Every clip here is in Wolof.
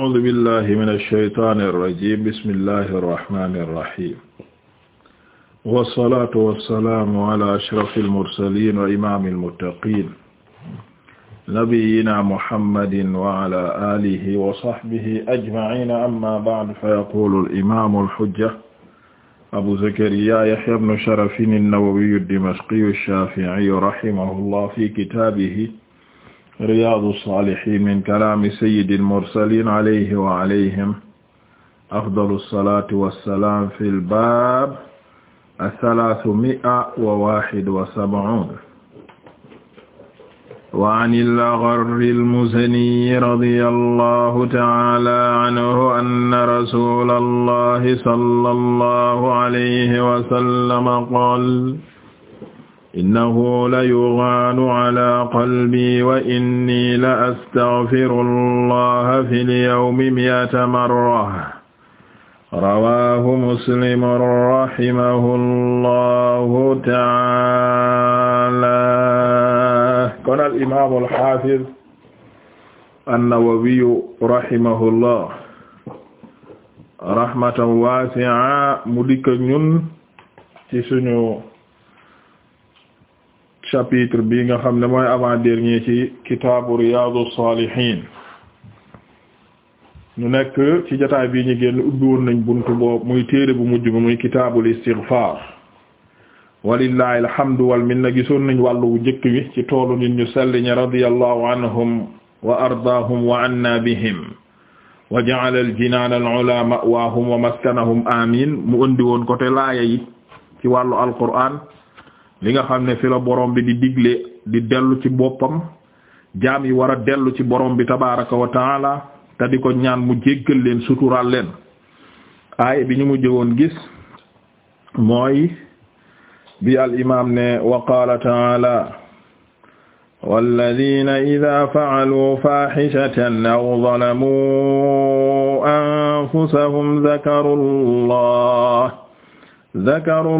a'uuzu billahi mina shaytaani rajiim bismillahi rahmaani rahiim. wasalaatu wasalaamu ala ashrafil mursaliin wa imaamil muttaqiin. nabiyyinaa muhammadin wa ala aalihi wa sahbihi ajma'iin amma ba'du fa yaquulul imaamul hujja. abu zakariyaa yahyaa ibnu sharafin an-nawawiyu ad-dimashqiyu ash-shaafi'iyyu rahimahullaah fi kitaabihi. riyaadu saalihiin min kalaami sayyidil mursaliin alayhi wa alayhim afdalu salaatu wa salaam fil baab asalaasu mi'a wa waahid wa sab'uun. wa anil Gharri al-Muzani radiyallahu ta'aala anhu anna rasuulallahi sallallahu alayhi wa sallam qaala innahu la yughaanu ala qalbi wa inni la astaghfiru allaha fil yawmi mi'ata marra rawaahu muslim rahimahu allahu ta'ala kon al imaam al haafiz an-Nawawi rahimahu allah rahmatan waasi'a mu dikk ñun ci suñu chapitre bi nga xam ne mooy avant-dernier ci kitaabu Riyâdous-Sâlihîne ñu nekk ci jotaay bii ñu génn ubbi woon nañ buntu boobu muy téere bu mujj bi muy kitaabul istighfar walillahi alhamdu wal minna gisoon nañ wàllu wu njëkk bi ci toolu nit ñu sell ñi radiyallahu anhum wa ardaahum wa anna bihim wa ja'ala al jinaan al ula ma'waahum wa maskanahum amin mu indi woon côté laaya yi ci wàllu alqur'an li nga xam ne fi la borom bi di digle di dellu ci boppam jaam yi war a dellu ci borom bi tabaraka wa taala te ko ñaan mu jéggal leen suturaal leen aaya bi ñu mu jëwoon gis mooy bi al imaam ne wa qaala taala walladina ida faaluu faxishatan aw zalamuu anfusahum dakaru llah dakaru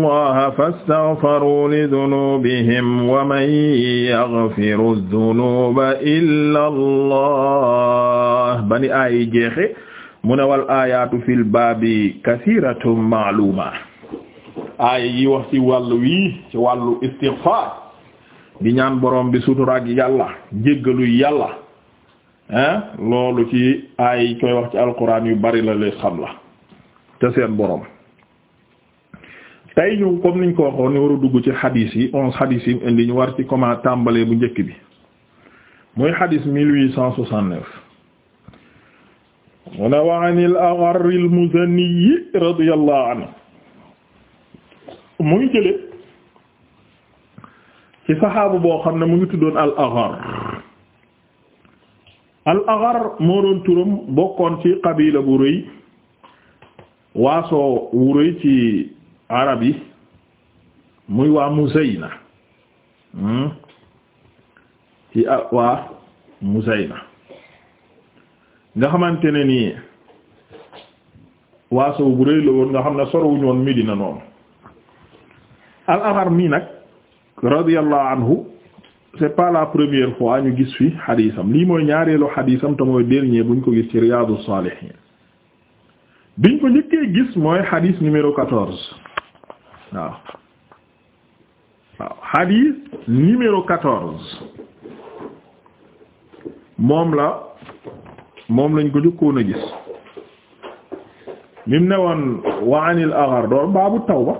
llaha fastaghfaru lidunubihim wa man yaghfiru dunuba illa allah bani aayi jeexe mu ne wal ayatu fil baabi kasiratun maaluma aaya yi wax ci wàllu wii ci wàllu istighfar di ñaan borom bi suturaak yàlla jéggalu yàlla ah loolu ci aay koy wax ci alquran yu bari la leen xam la te seen borom tey ñu comme niñ ko waxoon ni war a dugg ci xadiis yi onze xadiis yi indi ñu war ci comment tàmbalee bu njëkk bi muy xadiis mille huit cent soixante-neuf mu ne wa an al-Agharr al mu ngi boo xam ne mu ngi tuddoon moo doon turam bokkoon ci qabila bu rëy waasoo wu rëy ci arab yi muy waa Muzayna hmm? ci ah, waa Muzayna nga xamante ne nii waasow bu rëy la woon nga xam ne sorowuñu woon Medina noonu al ahar mii nag radiyallahu anhu c'est pas la première fois ñu gis fi xadiisam lii mooy ñaareelu xadiisam te mooy dernier buñ ko gis ci Riyadus Salihin biñ ko njëkkee gis mooy xadiis numéro quatorze waaw waaw hadith numéro quatorze moom la moom lañ ko jëkkoon a gis mim ne woon wa anil aghar doon baabu tawba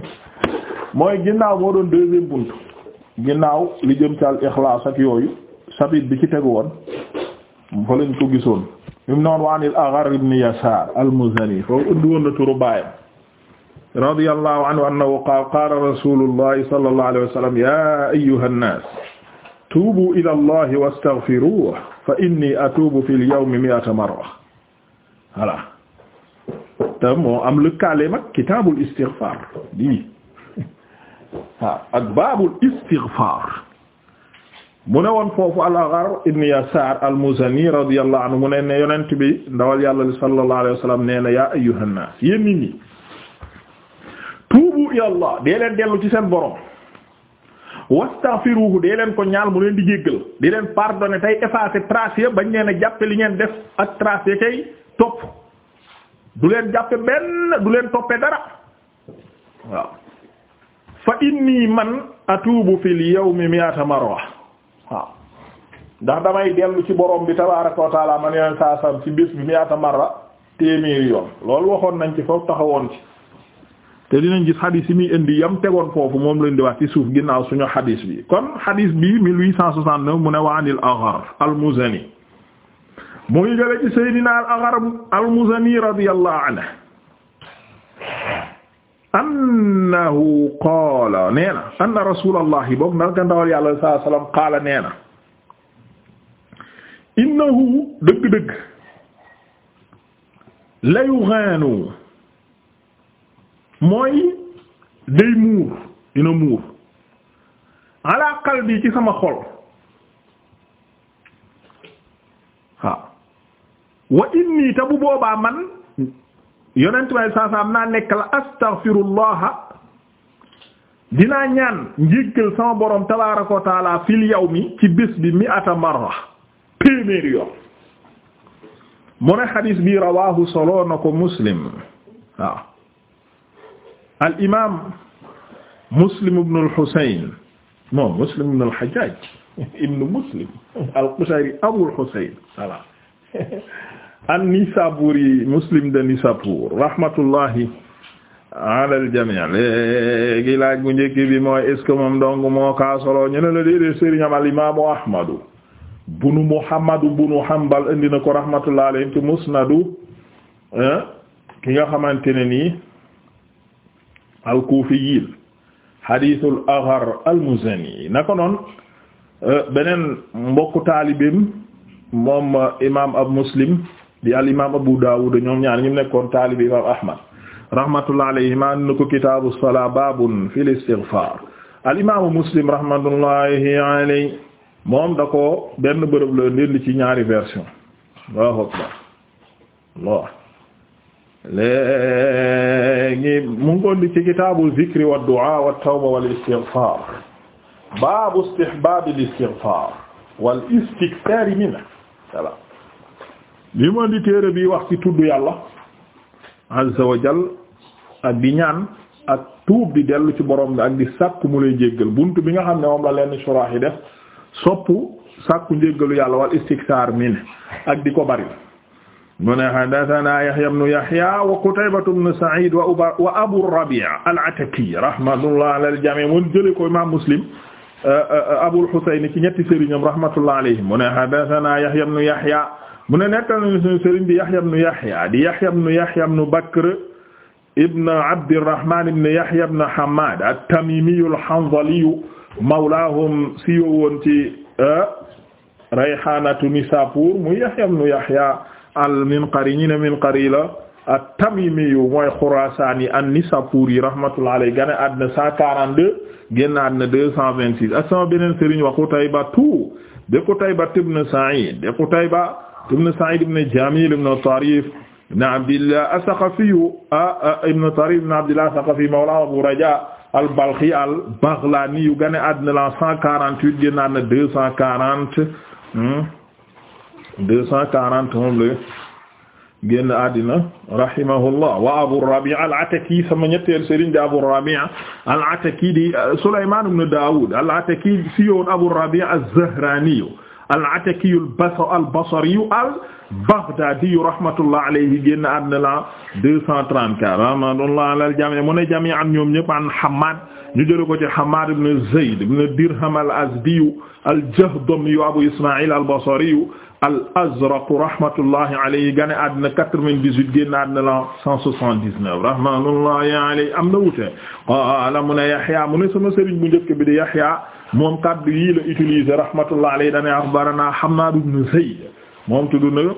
mooy ginnaaw moo doon deuxième bunt ginnaaw li jëm ci al ikhlaas ak yooyu chapitre bi ci tegu woon fa lañ ko gisoon mim ne woon wa anil aghar ibn yasar al muzani foofu indi woon na turu baayam radiyallahu anhu annahu qaala qaala rasuulullahi sallallahu alayhi wa sallam yaa ayyuha nnaas tuubu ila allahi wastaghfiruhu fa inni atuubu fil yawmi mi'ata marra voilà te moo am lëkkaale mag kitaabul istighfaar di waaw ak baabul istighfaar mu ne woon foofu al-Agharr ibn Yasaar al-Muzani radiyallahu anhu mu ne ne yonent bi ndawal yàlla li sallallahu alayhi wa sallam nee na yaa ayyuha nnaas yéen nit ñi ila allah dee leen dellu ci seen borom wastaghfiruhu dee leen ko ñaal mu leen di jéggal di leen pardonner tey effacer trace ya bañ leen a jàppe li ngeen def ak trace ya kay topp du leen jàppe benn du leen toppe dara waaw fa inni man atuubu fil yawmi mi'ata marra waaw ndax damay dellu ci borom bi tabaaraka wa taala man yoon saa sam ci bés bi mi'ata marra téeméeri yoon loolu waxoon nañ ci foofu taxawoon te dinañ gis xadis yi muy indi yam tegoon foofu moom lañ di wax ci suuf ginnaaw suñu xadis bi kon xadis bi 1869 mu ne wa anil Aghar al-Muzani mu ngi jële ci Seydina al-Aghar al-Muzani radiyallahu anhu annahu qaala nee na anna rasulallahi boog naka ndawal yàlla sallallahu alayhi wasallam qaala nee na innahu dëgg-dëgg la yughaanu mooy day muur dina muur ala qalbi ci sama xol waaw wa inni te bu boobaa man yonent may saasaam naa nekk la astaghfirullah dinaa ñaan njéggal sama borom tabaaraka wa taala fil yawmi ci bés bi mi'ata marra premier yoon mu ne xadiis bi rawaahu solo na ko muslim waaw al imaam Muslim ibn al-Husayn non Muslim ibn al-Hajjaj ibn Muslim al-Qushayri Abu al-Husayn voilà an-Nisaburi Muslim de Nisabur rahmatullahi ala al-jami' léegi laaj bu njëkk bi mooy est ce que moom dong moo kaa solo ñu ne la déedéet Serigne am al-Imaamu Ahmadu bunu Muhammadu bunu Hanbal indi na ko rahmatullahi alayhi ci musnadu eh, ki nga xamante ne nii. al-Kuufiyiin hadiisul Aghar al-Muzani naka euh, beneen mbokku taalibeem moom euh, imaam ab Muslim di al imaam Abu Daawud ñoom ñaar ñu nekkoon taalibe imaam Ahmad rahmatullahi alayhimaa nu ko kitaabu salaa baabun fil istighfaar al imaamu Muslim rahmatullahi alayhi moom da benn bërëb la ndénd ci ñaari version Allahu akbar Allah léegi mu ngi koon di ci kitaabu zikri wa du'a wa tawba wal istighfar baabu istihbab al istighfar wal istikthar li mu di téere bi wax ci tudd yàlla azza wa jal ak di ñaan ak tuub di dellu ci borom bi ak di sàkku mu lay jéggal buntu bi nga xam ne moom la leen suraax yi def soppu sàkku njéggalu yàlla wal istikthar minhu ak di ko bari mu ne haddathana Yahya ibn Yahya wa Qutaybatu ibn Sa'id wa Abu Rabi' al-Ataki rahmatullah ala al-jami' mun jële ko imam Muslim euh, euh, Abul Husayn ci ñetti sëriñam rahmatullah alayhim mu ne haddathana Yahya ibn Yahya mu ne nekkal na suñu sëriñ di Yahya ibn Yahya di Yahya ibn Yahya ibn Bakr ibn Abdirrahman ibn Yahya ibn Hammad at-Tamimi al-Hanzali mawlaahum siiwoon ci euh, Rayhaanatu Nisaapur mu Yahya ibn Yahya al-Minqari ñi ne Minqari la at-Tamimi mooy Khurasani an-Nisapuri rahmatullah alayhi gane àddina 142 génn àddina 226 ak sama beneen sëriñ wa Qutayba tu de Qutayba ibn Sa'id de Qutayba ibn Sa'id ibn Jamil ibn Tarif ibn Abdillah as Abu Raja al-Balkhi al-Baghlani yu gane àddina la 148 génn àddina 240 deux cent quarante moom la génn àddina rahimahullah wa Abu Rabi'a al-Ataki sama ñetteel sëriñ di Abu Rabi'a al-Ataki di euh, Sulaymaan ibn Daawud al-Ataki si yoon Abu Rabi'a az-Zahrani al-Ataki al-Basri al-Baghdadi rahmatullah alayhi génn àddina la deux cent trente-quatre rahmatullah ala al-jami' mu ne jami'an ñoom ñëpp an Hammad ñu jël ko ci Hammad ibn Zayd ibn Dirham al-Azdi al-Jahdami Abu Isma'il al-Basri al azraq rahmatullahi alayhi gane àddina quatre-vingt-dix-huit génn àddina la cent soixante-dix-neuf rahmatullahi alayhi am na wute qaala mu ne Yahya mu ne sama sëriñ bu njëkk bi di Yahya moom kaddu yii la utiliser rahmatullahi alayhi dane axbarana Hammad ibn Zayd moom tudd na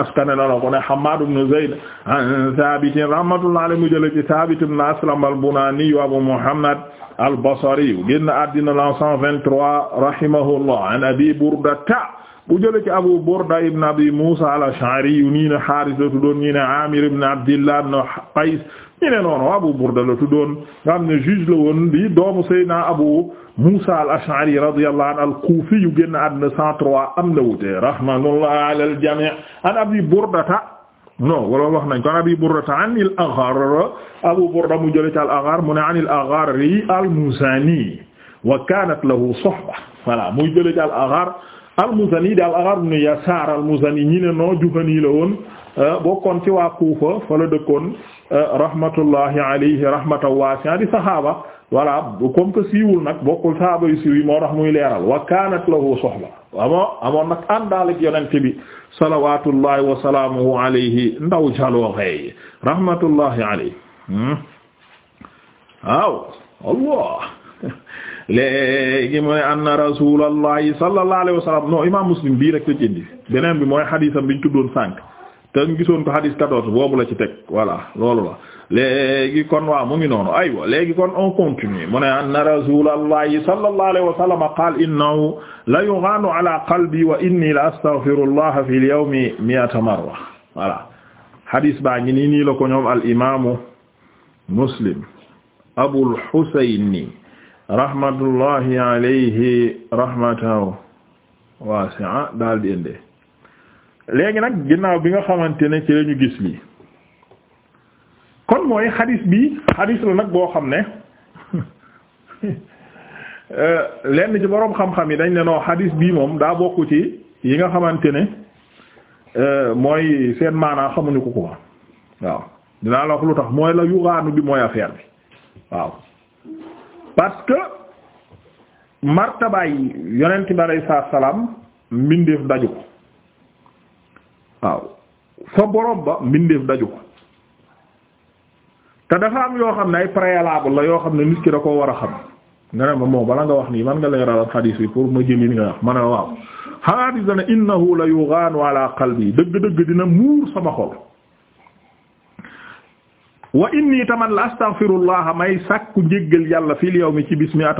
askane la na ko ne Hammad ibn Zayd an Thabit rahmatullahi alayhi mu jële ci Thabit ibn Aslam al-Bunani Abu Muhammad al-Basri génn àddina la cent vingt-trois rahimahullah an Abi Burdata bu jëlee ci Abu Burda ibn Abi Musa al-Ash'ari ñii ne Haaris la tuddoon ñii ne Amir ibn Abdillah ibn Qays ñii ne noonu Abu Burda la tuddoon nga xam ne juge la woon di doomu Seydina Abu Musa al-Ash'ari radiyallahu anhu al-Kufi yu génn àdduna 103 am la wute rahmatullahi ala al-jami' an Abi Burdata non wala wax nañ ko an Abi Burdata an al-Aghar Abu Burda mu jëlee ci al-Aghar mu ne an al-Aghar al-Muzani wa kanat lahu suhba voilà muy jëlee ci al-Aghar al-Muzani daal Agharr ibn Yasaar al-Muzani ñi ne Juhani la woon euh, bokkoon ci waa Kuufa fa la dëkkoon euh, rahmatullahi rahmatan waasi'a di saxaaba voilà comme que siiwul bokkul saxaaba yu siiw yi moo wa kaanat lahu soxla amoo amoon nag àndaal ak yonent bi salawaatullahi wa salaamuhu alayhi ndaw jalooxey rahmatullahi alayhi hmm? waaw léegi mu ne anna rasulallahi muslim bii rek la ci beneen bi mooy xadisam bi ñu tuddoon sànq te ñu gisoon ko xadis 14 boobu la ci teg voilà loolu la kon waaw mu ngi noonu aywa léegi kon on continue mu ne anna rasulallahi sallallahu qaal innahu la yughaanu ala qalbi wa la astaghfirullaha fil yawmi mi'ata marra voilà xadis baa ngi nii nii ñoom al imamu muslim abul husayn rahmatullahi alayhi rahmatan wasi'a daal di indee léegi nag ginnaaw bi nga xamante ne ci lañu gis lii kon mooy xadis bi xadis la nag boo xam ne lenn ci boroom xam-xam yi dañ ne noo xadis bii moom daa bokk ci yi nga xamante ne euh, mooy seen maanaa xamuñu ko ko waaw dinaa la lu tax mooy la yugaanu bi mooy affaire bi waaw parce que martabaay yonent bi alayhi mbindeef daju ko waaw fa borom ba mbindeef daju ko te dafa am yoo xam ne ay préalable la yoo xam ne nit ki da koo war a xam nga ne ma moom bala nga wax nii man nga leeralal xadiis bi pour ma jëli nga wax ma ne waaw xadiis dana innahu la yughaanu ala qalbi dëgg-dëgg dina muur sama xol wa inni taman la astaghfirullah may sàkku njéggal yàlla fil yawmi ci bis mi ma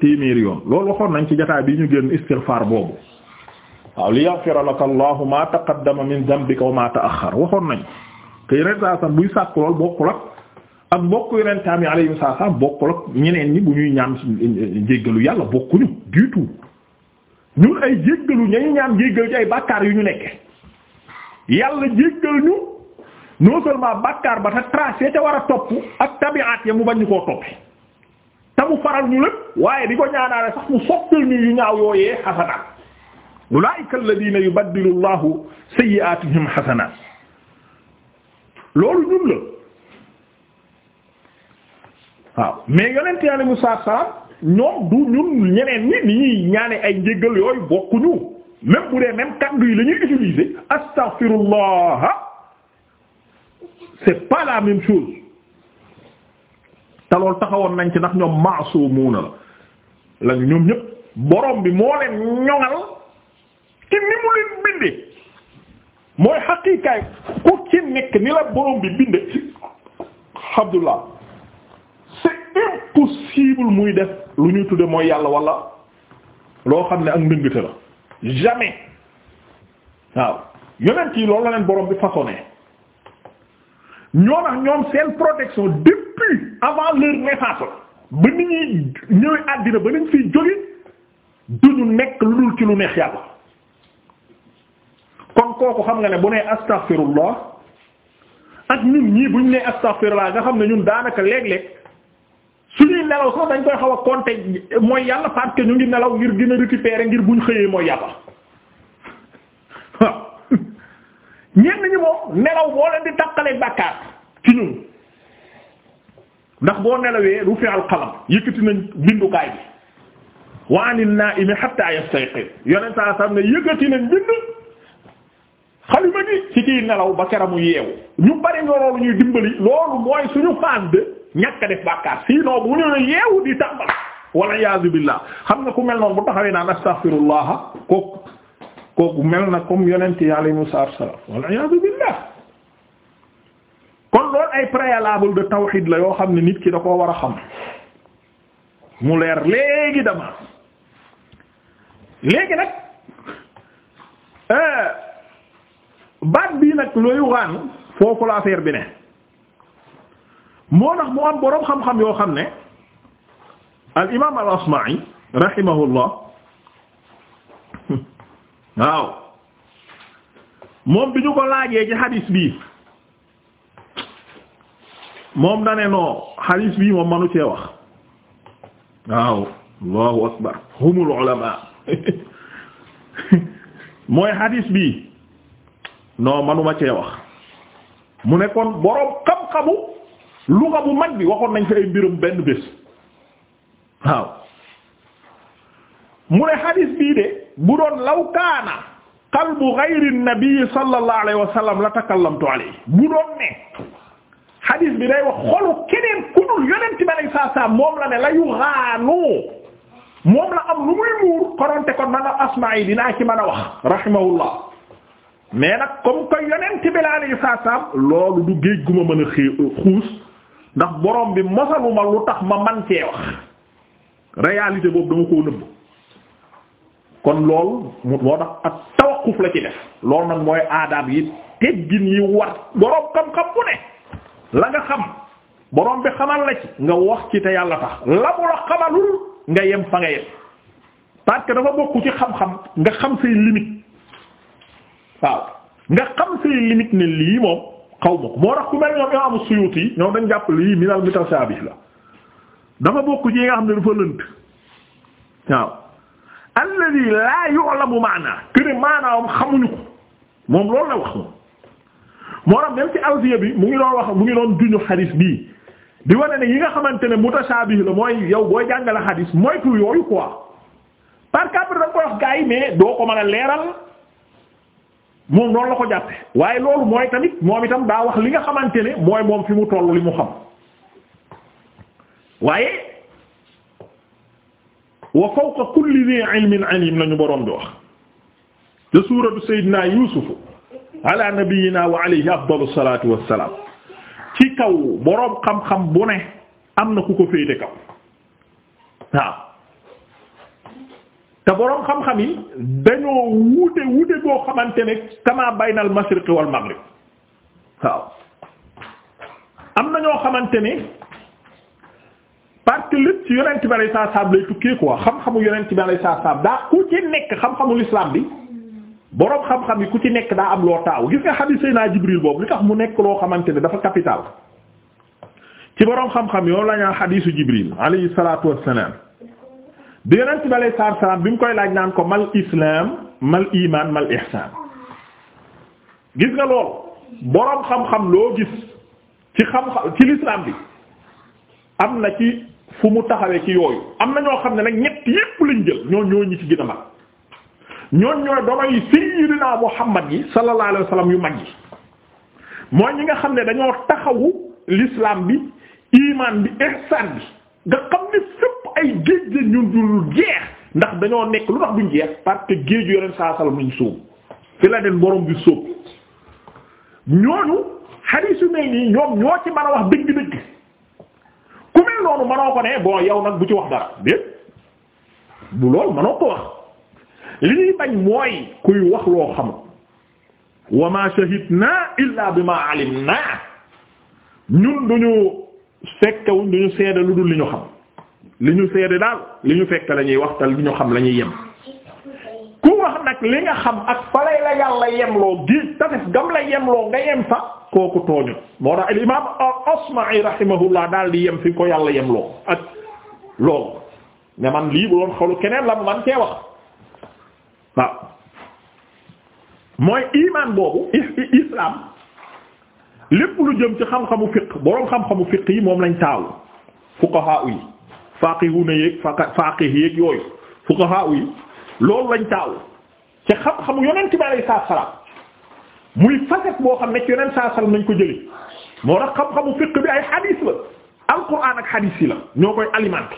téeméer yoon loolu waxoon nañ ci jotaay bi ñu génn istighfar boobu waaw li yaghfira laka allahu ma taqaddama min dhanbika wa ma ta'akhkhar waxoon nañ te yeneen ak bokk yeneen taam yi alayhim saa sax ñeneen ñi bu ñuy ñaan njéggalu yàlla bokkuñu du tout ñun ay jéggalu ñañu ñaan jéggal ci ay bàkkaar yu ñu nekke yàlla jéggal ñu non seulement bàkkaar ba te tracé ca war a topp ak tabiat ya mu bañ ñu koo toppi te faral ñu lépp waaye di ko ñaanaale sax mu soppil ñu yu ñaaw yooyee xasanaat ulaa'ika alladhiina yubaddilu Allahu sayyi'aatihim xasanaat loolu ñun la waaw mais yonent Yàlla Musaa salaam ñoom du ñun ñeneen ni ñuy ñaane ay njéggal yooyu bokkuñu même bu dee même kàddu yi la ñuy utiliser astaghfirullah c'est pas la même chose te loolu taxawoon nañ ci ndax ñoom maasumuuna la la ñoom ñëpp boroom bi moo leen ñoŋal ci ni mu leen bindee mooy xaqiikaay ku ci nekk ni la borom bi bindee Abdullah c'est impossible muy def lu ñuy tudde mooy yàlla wala loo xam ne ak ndëngte la jamais waaw yonent yi loolu la leen borom bi façonné ñoo tax ñoom seen protection depuis avant leur naissance ba nit ñi ñëwee àddina ba nañ fiy jóge duñu nekk lu dul ci lu neex yàlla kon kooku xam nga ne bu nee astaghfirullah ak ñun ñii bu buñ nee astaghfirullah nga xam ne ñun daanaka léeg-léeg suñuy nelaw sax dañ koy xaw a compter mooy yàlla parce que ñu ngi nelaw ngir gën a récupérer ngir ñu xëyee mooy yàlla ñenn ñi moom nelaw boo leen di takkale bàkkaar ci ñun ndax boo nelawee rufi al qalam yëkkati nañ bindukaay bi wa anil naa'imi hatta yastayqiz yonent saa saam ne yëkkati nañ bind xalima gi ci kiy nelaw ba keramu yeewu ñu bari nga loolu ñuy dimbali loolu mooy suñu phase de ñàkk def bàkkaar sinon bu ñu yeewu di tàmbal walla iyaazu billaah xam nga ku mel noonu bu taxawee naan astaghfirullah ko kooku mel na comme yonent yi alayhimu salaam wal iyaadu billah kon loolu ay préalable de tawhid la yoo xam ne nit ki da koo war a xam mu leer léegi dama léegi nag euh, baat bii nag looyu waan foofu la affaire bi ne moo tax mu am xam-xam yoo xam ne al imaam al asma'i rahimahullah waaw moom bi ñu ko laajee ci hadis bi moom ne noo hadis bi moom manu cee wax waaw allahu akbar humul ulama mooy hadis bi non manuma cee wax mu ne kon boroom xam-xamu lu nga mag bi waxoon nañ fi mbirum benn bés waaw mu ne xadis bii de bu doon law kaana qalbu ghayri nabi sallallahu alayhi wa la takallamtu alayhi bu doon ne xadis bi day wax xolu keneen ku dul yonent bi alayhi moom la ne la yu xaanu moom la am lu muy muur koronte kon man a asmaa dinaa ci mën a wax rahimahullah mais nag comme que yonent bi la loolu du géej gu ma mën a xii euh, xuus ndax borom bi mosaluma lu tax ma man cee wax réalité boobu dama koo nëbb kon loolu moo tax ak tawakkuf la ci def loolu nag mooy aadaab yi teggin yi war boroom xam-xam bu ne la nga xam boroom bi xamal la ci nga wax ci te yàlla tax la mu la xamalul nga yem fa nga yem parce que dafa bokku ci xam-xam nga xam say limite waaw nga xam say limite ne lii moom xaw ma ko moo tax ku mel ñoom Imam Suyuti ñoom dañ jàpp lii minal mutashabih la dafa bokk ci yi nga xam ne dafa lënt waaw alladi laa yu'lamu maana kene maanaam xamuñu ko moom loolu la wax moom moo tax même ci alfiya bi mu ngi doon wax mu ngi doon duñu xadis bii di wane ne yi nga xamante ne mutashaabih la mooy yow booy jàngale xadis moytu yooyu quoi parce que après da nga koy gaa yi mais doo ko mën a leeral moom noonu la ko jàppe waaye loolu mooy tamit moom itam daa wax li nga xamante ne mooy moom fi mu tollu li mu xam waaye wa fawqa kulli dhi ilmin alim lañu boroom bi wax te suuratu Seydina Yuusuf ala nabiyyina wa alayhi afdalu salaatu wassalaam ci kaw boroom xam-xam bu ne am na ku ko féete kaw waaw te boroom xam-xam yi dañoo wuute wuute boo xamante ne kamaa baynal mashriqi wal maghrib waaw am na ñoo xamante ne parce que lépp ci yonent bi alayhi salaam lay tukkee quoi xam-xamu yonent bi alayhi salaam daa ku ci nekk xam-xamu l'islam bi boroom xam-xam yi ku ci nekk daa am loo taaw gis nga xadiis Seydina Jibril boobu li tax mu nekk loo xamante ne dafa capital ci boroom xam-xam yow la ñaa xadiisu Jibril alayhi salaatu wassalaam bi yonent bi alayhi salaam bi mu koy laaj naan ko mal islam mal iman mal ihsan gis nga lool boroom xam-xam loo gis ci xam-xam fu mu taxawee ci yooyu am na ñoo xam ne nag ñett yépp lañ jël ñoo ñoo ñi ci gën a mag ñooñ ñooy donoy sayyidina Muhammad yi sallallahu alayhi yu mag yi mooy ñi nga xam ne dañoo taxawu lislaam bi imaan bi ihsan bi nga xam ne fépp ay géej la ñun dul jeex ndax dañoo nekk lu tax duñ jeex parce que géeju yoneen saa sallam lañ fi la den borom bi sóob ñooñu xarit yu mel nii ñoom ñoo ci mën wax dëgg-dëgg ku mel noonu manoo ko ne bon yow nag bu ci wax dara déet bu loolu manoo ko wax li ñuy bañ mooy kuy wax loo xamul wa ma shahidna illa bima alimna ñun duñu fekkewuñ duñu seede lu dul li ñu xam li ñu seede daal li ñu fekk la ñuy wax te li ñu xam lañuy ñuy yem ku wax nag li nga xam ak fa lay la yàlla yemloo gi gam la yemloo nga yem fa kooku tooñu moo tax al Asma'i rahimahullah daal di yem fi ko yàlla yem loo ak loolu ne man lii bu doon xolu keneen la man cee wax waaw mooy imaan boobu islam lépp lu jëm ci xam-xamu fiqh boroom xam-xamu fiqh yi moom lañ taawu fuqaha yi faqihuna yeeg faqih yeeg yooyu fuqaha yi loolu lañ taawu ci xam-xamu yonent bi alayhi salaam muy facette boo xam ne ci yonent saa salaam nañ ko jëlee. moo tax xam-xamu fiqh bi ay hadith la alquran ak hadith yi la ñoo koy aliment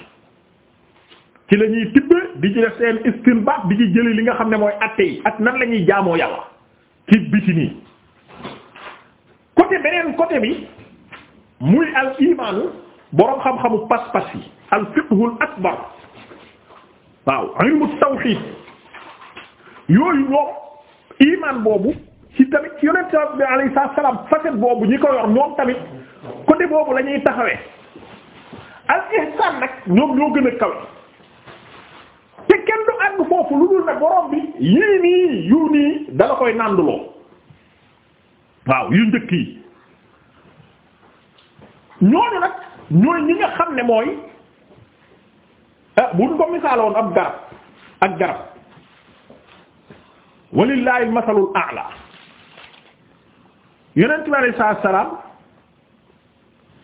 ci la ñuy tibb di ci def seen istinbaat di ci jëli li nga xam ne mooy atte yi ak nan la ñuy jaamoo yàlla ci biti nii côté beneen côté bi muy al imaanu boroom xam-xamu pas-pas yi al fiqhul akbar waaw ilmu tawhid yooyu ñoom imaan boobu tamit yonent bi alayhi salaam facette boobu ñi ko yor ñoom tamit côté boobu la ñuy taxawee al nag ñoom ñoo gën a kawe te kenn du àgg foofu lu dul nag borom bi yii nii yu nii dala koy nànduloo waaw yu njëkk yi ñooñu nag ñooy nga xam ne mooy ah, buñ ko misaaloon ab garab ak garab walillahi al masalul yonent bi alayhi salaatu salaam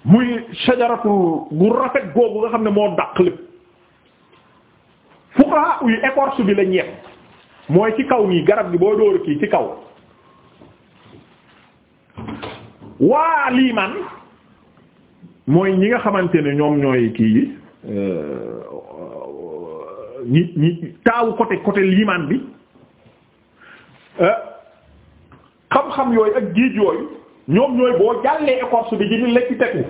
muy sajaratu bu rafet googu nga xam ne moo dàq lépp fuqaha uy écorce bi la ñeex mooy ci kaw nii garab gi boo dóor kii ci kaw waa liimaan mooy ñi nga xamante ne ñoom ñooy kii yi euh, ñi ñi taawu côté côté liimaan bi euh, xam yooyu ak géej yooyu ñoom ñooy boo jàllee écorce bi ji ni ci tegu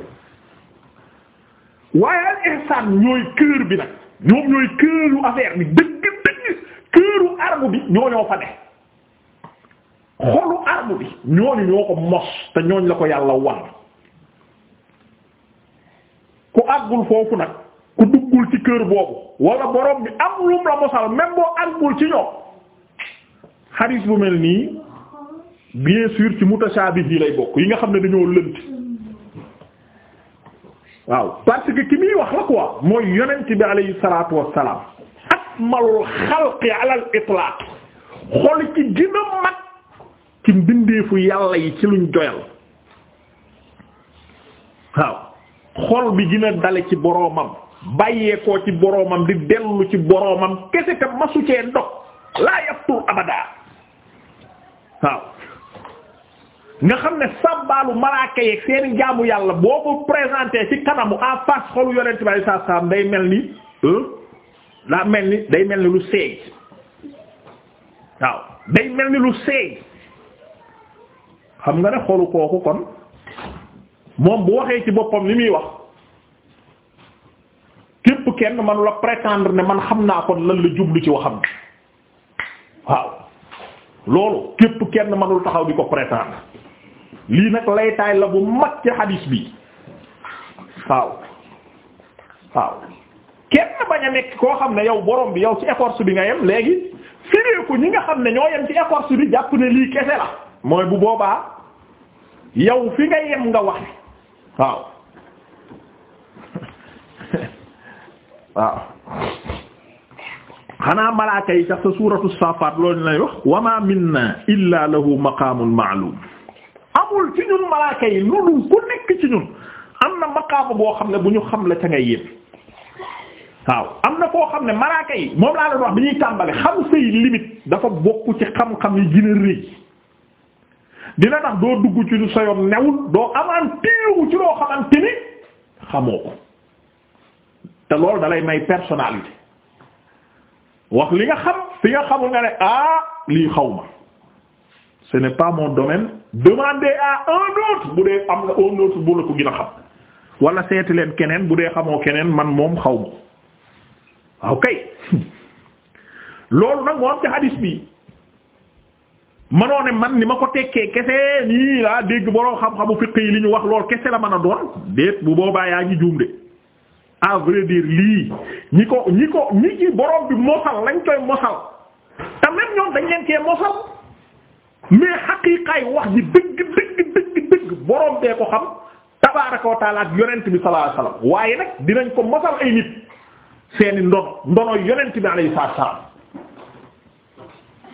waaye al ihsan ñooy cœur bi nag ñoom ñooy cœuru affaire bi dëgg dëgg cœuru arme bi ñoo ñoo fa ne xolu arme bi ñooñu ñoo ko mos te ñooñ la ko yàlla wan ku àggul foofu nag ku duggul ci kër boobu wala borom bi am lum la mosal même boo ci ñoom hadis bu mel nii bien sûr ci mutashaabih yi lay bokk yi nga xam ne dañoo lënt waaw parce que ki muy wax la quoi mooy yonent bi alayhi salaatu wassalaam akmalul xalqi alal itlaaq xol ci dina mat ci mbindeefu yàlla yi ci luñ doyal waaw xol bi dina dale ci boroomam bàyyeekoo ci boroomam di dellu ci boroomam kese te masu cee ndox laa yaftur abadaa waaw nga xam ne sàbbaalu malaaka yeeg seeni jaamu yàlla boo ko présenté ci kanamu en face xolu yonent bi saa saam day mel ni laa mel ni day mel ni lu seey waaw day mel ni lu seey xam nga ne xolu kooku kon moom bu waxee ci boppam li muy wax képp kenn manu la prétendre ne man xam naa kon lan la jublu ci waxam bi waaw loolu képp kenn manul taxaw di ko prétendre lii nag laytaay la bu mag ci hadis bi waaw waaw kenn bañ a nekk koo xam ne yow borom bi yow ci écorce bi nga yem léegi firee ko ñi nga xam ne ñoo yem ci écorce bi jàpp ne lii kese la mooy bu boobaa yow fi nga yem nga wax waaw waaw xanaa malaaka yi sax sa suuratu saafaat loolu lay wax wa ma minna illa lahu maqaamun ma'luum amul ci ñun malaaka yi loolu ku nekk ci ñun am na maqaama boo xam ne bu ñu xam la ca ngay yépp waaw am na koo xam ne malaaka yi moom laa doon wax bi ñuy tàmbale xam say limite dafa bokk ci xam-xam yi gën a dina tax doo dugg ci lu sa yoon newul doo amanteewu ci loo xamante ni xamoo ko te loolu dalay may personnalité wax li nga xam fi nga xamul nga ne ah lii xaw ma ce n'est pas mon domaine demandez à un autre bu dee am na un autre bu la ko gën a xam wala seeti leen keneen bu dee xamoo keneen man moom xaw ma waaw kay loolu nag moo am ci hadis bi manoo ne man ni ma ko tekkee kese nii laa dégg borom xam-xamu fiq yi li ñu wax lool kese la mën a doon déet bu boobaa yaa ngi juum de à vrai dire lii ñi ko ñi ko ñi ci borom bi mosal lañ koy mosal te ñoom dañ leen mosal. mais xaqiiqaay wax ji dëgg dëgg dëgg dëgg borom bee ko xam tabaaraka wa yonent bi sallallahu alayhi waaye nag dinañ ko mosal ay nit seeni ndono ndono yonent bi alayhi salaam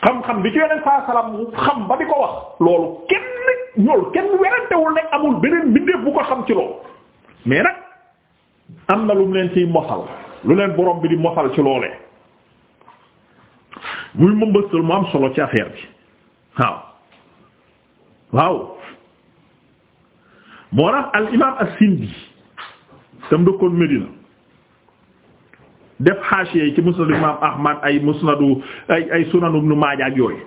xam-xam bi ci yonent sallallahu alayhi wa xam ba di ko wax loolu kenn ñool kenn werantewul nag amul beneen mbindeef bu ko xam ci loolu mais nag am na lu mu leen ciy mosal lu leen borom bi di mosal ci loolee muy mëmbëstal mu am solo ci affaire bi waaw waaw moo tax al imaam as-Sindi tam dëkkoon Medina def xaasiya yi ci musnadu imaam Ahmad ay musnadu ay ay sunanu Ibnu Maaja ak yooyu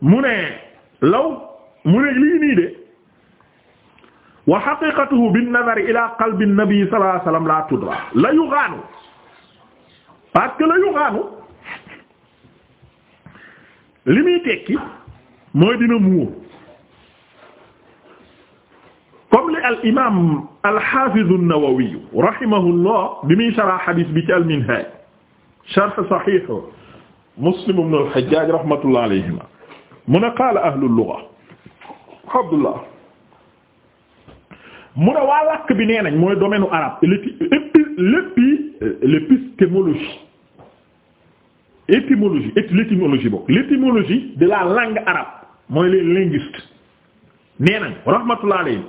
mu ne law mu ne lii nii de wa xaqiqatuhu binnadari ila qalbi nabi sallallahu alayhi wa sallam la tudra la yugaanu parce que la yugaanu li muy tekki mooy dina muur comme li al imaam al xaafiz an-Nawawi rahimahullah bi muy sarah xadiis bi ci al minhaj sharh sahih Muslim ibn al Hajjaj rahmatullah alayhima mu ne qaala ahlu lugha mu ne waa làkk bi nee nañ mooy domaine u arabe lépp lépp l'épistémologie étymologie et l'étymologie bokk l'étymologie de la langue arabe mooy les linguistes nee nañ rahmatullah alayhim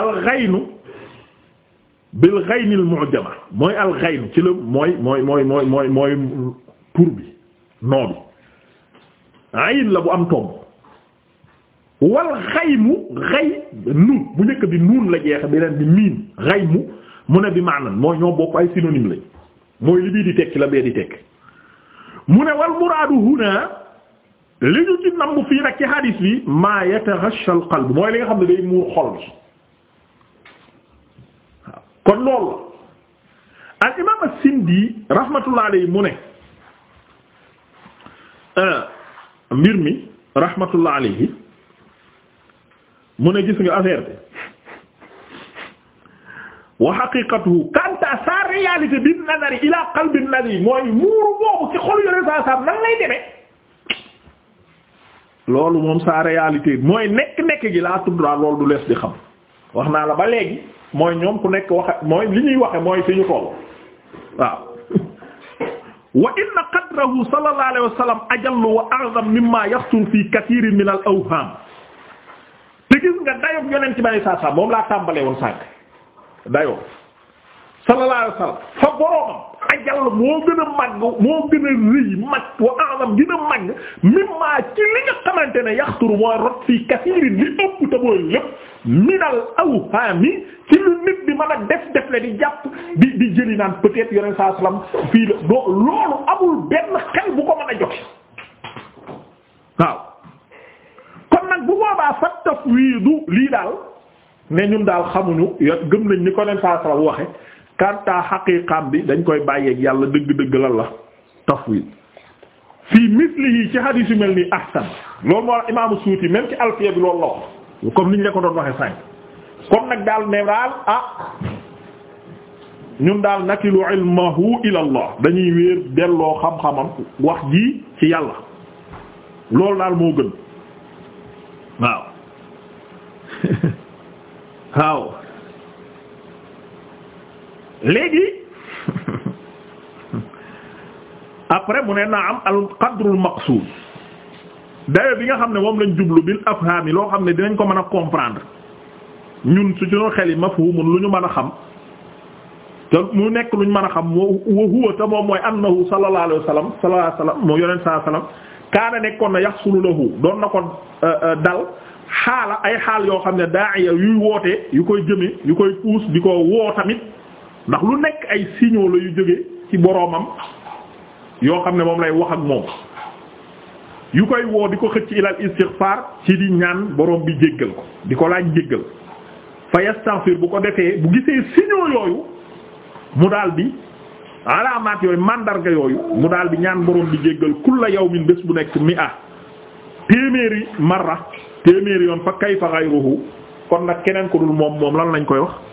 al ghaynu bil ghayni al mu'jama mooy al ghaynu ci la mooy mooy mooy mooy mooy bi noo bi ayn la bu am tomb wal xaymu xay nuun bu njëkk bi nuun la jeex bi leen bi miin xaymu mu ne bi maanan mooy ñoo bokk ay synonyme lañ mooy li di tekki la bee di tekki mu ne wal muraadu huna li ñu ci namm fii nag ci hadis bi maa yataghashsha al qalb mooy li nga xam ne day muur xol bi waaw kon loolu al imam as-Sindi rahmatullah alayhi mu ne euh, mbir mi rahmatullah alayhi mu ne gis nga affaire bi wa haqiqatuhu kanta sa réalité bi nazari ila qalbi nabi mooy muuru boobu ci xol yore saa saam nan lay demee loolu moom sa réalité mooy nekk-nekk gi laa tuddraa loolu du lees di xam wax naa la ba léegi mooy ñoom ku nekk waxe mooy li ñuy waxe mooy fi ñu toll waaw wa inna qadrahu sallallahu alayhi wa sallam ajallu wa a'zam mimma yastur fi kathirin min al awham te gis nga dayob yonent bi sallallahu alayhi wa moom laa tàmbalee woon sànk dayoo sallallahu fa boroomam ajal moo gën a màgg moo gën a rëy mag wa a'zam gën a màgg ci li nga xamante ne yaxturu mooy rot fii kasiirin li ëpp te mooy lépp minal awhaami ci lu nit di mën a def def le di jàpp di di jëli naan peut-être yoneen fii la loolu amul benn xel bu ko mën a joxe waaw kon nag bu boobaa fa tafwiidu lii daal ne ñun daal xamuñu yo gëm nañ ni ko leen saa sala waxe kanta xaqiqaam bi dañ koy bàyyeeg yàlla dëgg-dëgg lan la tafwid fii mislihi ci hadith yu mel nii ahsan loolu moo imaamu Suuti même ci alfiya bi loolu la wax comme niñ la ko doon waxee sànq comme nag daal ne daal ah ñun daal nakilu ilmahu ila dañuy wéer delloo xam-xamam wax ji ci yàlla loolu daal moo gën waaw waaw léegi après mu ne naa am al qadrul maqsuud dayo bi nga xam ne moom lañ jublu bil afhaam yi loo xam ne dinañ ko mën a comprendre ñun su ñu xel yi mafhumun lu ñu mën a xam te mu nekk lu ñu mën a xam wa huwa te moom mooy annahu na alayhi wa sallam sallallahu alayhi wa sallam moo yonent sallallahu kaana nekkoon na yaxsulu lahu doon na ko euh, euh, dal xaala ay xaal yoo xam ne daa'iya yuy wootee yu koy jëme yu koy puus di ko woo tamit ndax lu nekk ay signaux la yu jóge ci boroomam yoo xam ne moom lay wax ak moom yu koy woo di ko xëcc ilal istighfar ci di ñaan boroom bi jéggal ko di ko laañ jéggal fa yastaghfir bu ko defee bu gisee signaux yooyu mu daal di alaamaat yooyu màndarga yooyu mu daal di ñaan boroom bi jéggal kulla yawmin bés bu nekk mi a téeméeri marra téeméer yoon fa kayfa ghayruhu kon nag keneen ko dul moom moom lan lañ koy wax